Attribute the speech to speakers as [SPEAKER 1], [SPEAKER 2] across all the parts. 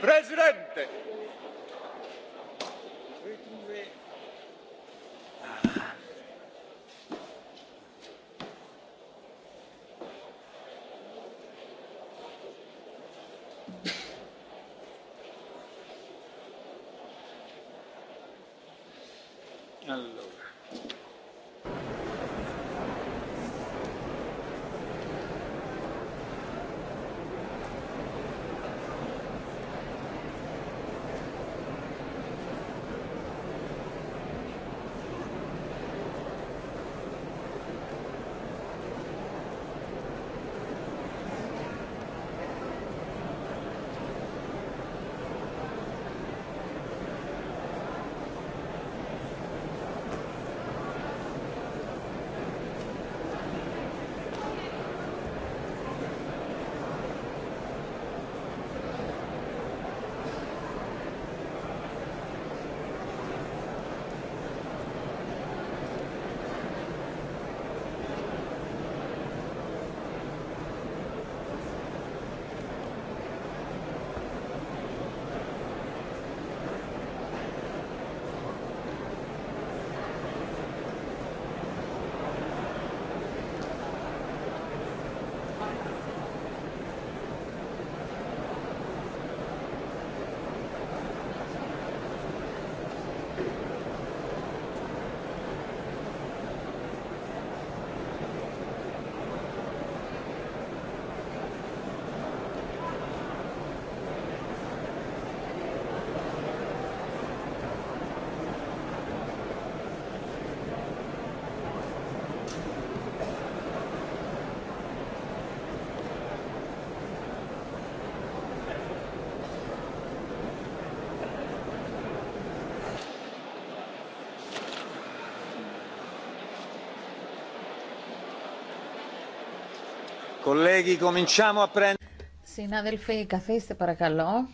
[SPEAKER 1] president
[SPEAKER 2] Συνάδελφοι, καθίστε παρακαλώ.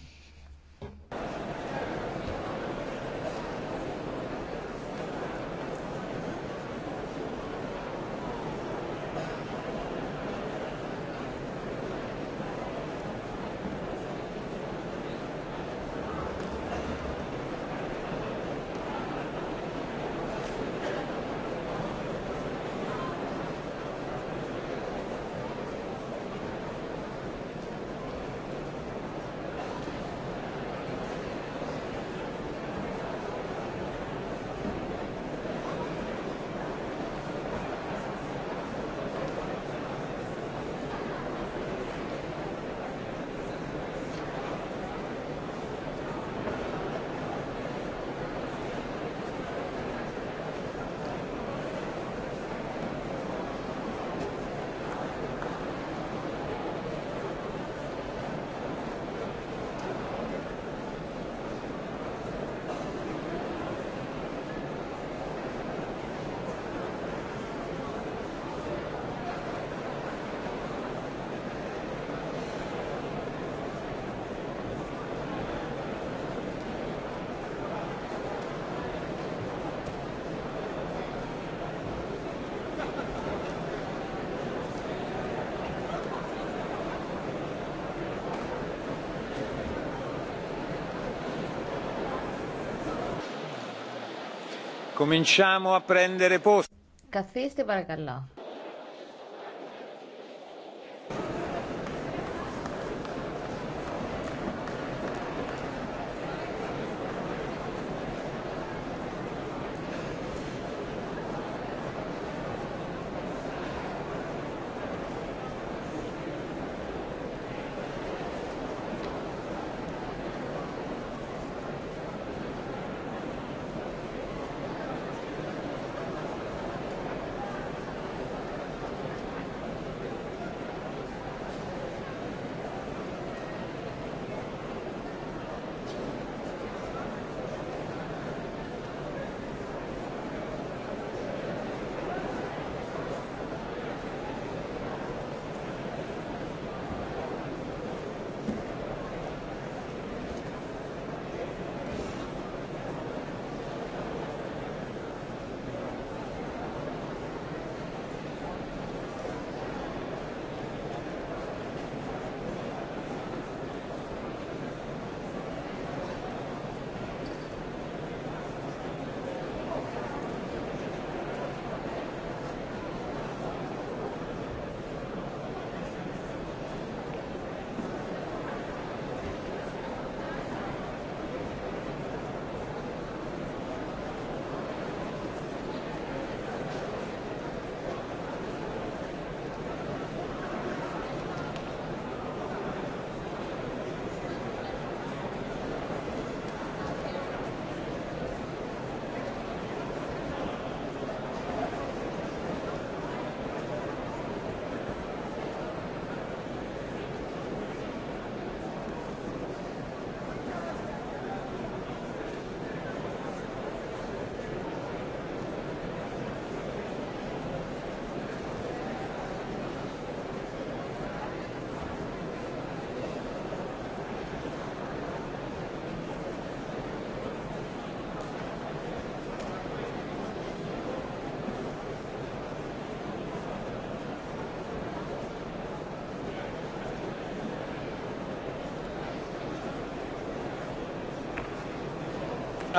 [SPEAKER 2] Cominciamo a prendere posto. Καθίστε παρακαλώ.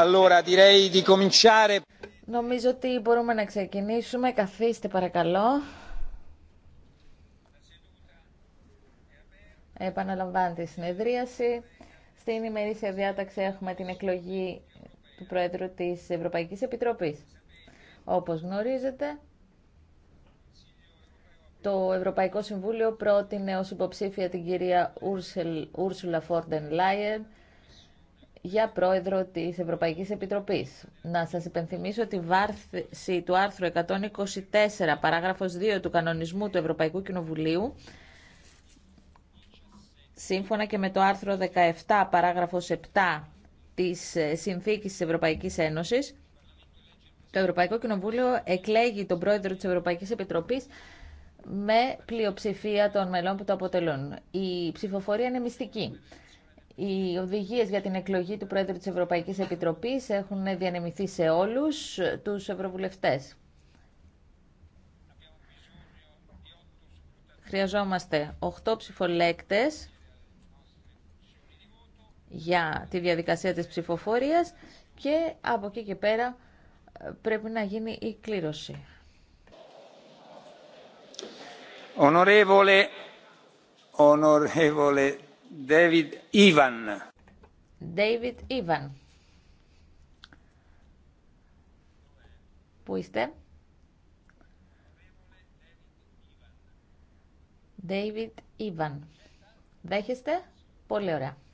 [SPEAKER 2] Allora, direi di cominciare. Νομίζω ότι μπορούμε να ξεκινήσουμε. Καθίστε παρακαλώ. Επαναλαμβάνεται η συνεδρίαση. Στην ημερήσια διάταξη έχουμε την εκλογή του Πρόεδρου της Ευρωπαϊκής Επιτροπής. Όπως γνωρίζετε, το Ευρωπαϊκό Συμβούλιο πρότεινε ως υποψήφια την κυρία Ούρσουλα Φόρντεν Λάιερ για πρόεδρο της Ευρωπαϊκής Επιτροπής. Να σας υπενθυμίσω ότι βάρθηση του άρθρου 124 παράγραφος 2 του κανονισμού του Ευρωπαϊκού Κοινοβουλίου σύμφωνα και με το άρθρο 17 παράγραφος 7 της Συνθήκης της Ευρωπαϊκής Ένωσης το Ευρωπαϊκό Κοινοβούλιο εκλέγει τον πρόεδρο της Ευρωπαϊκής Επιτροπής με πλειοψηφία των μελών που το αποτελούν. Η ψηφοφορία είναι μυστική. Οι οδηγίε για την εκλογή του Πρόεδρου της Ευρωπαϊκής Επιτροπής έχουν διανεμηθεί σε όλους τους ευρωβουλευτές. Χρειαζόμαστε 8 ψηφολέκτε για τη διαδικασία της ψηφοφορίας και από εκεί και πέρα ε, πρέπει να γίνει η κλήρωση. David Ivan. David Ivan. Πού είστε? David Ivan. Δέχεστε? Πολύ ωραία.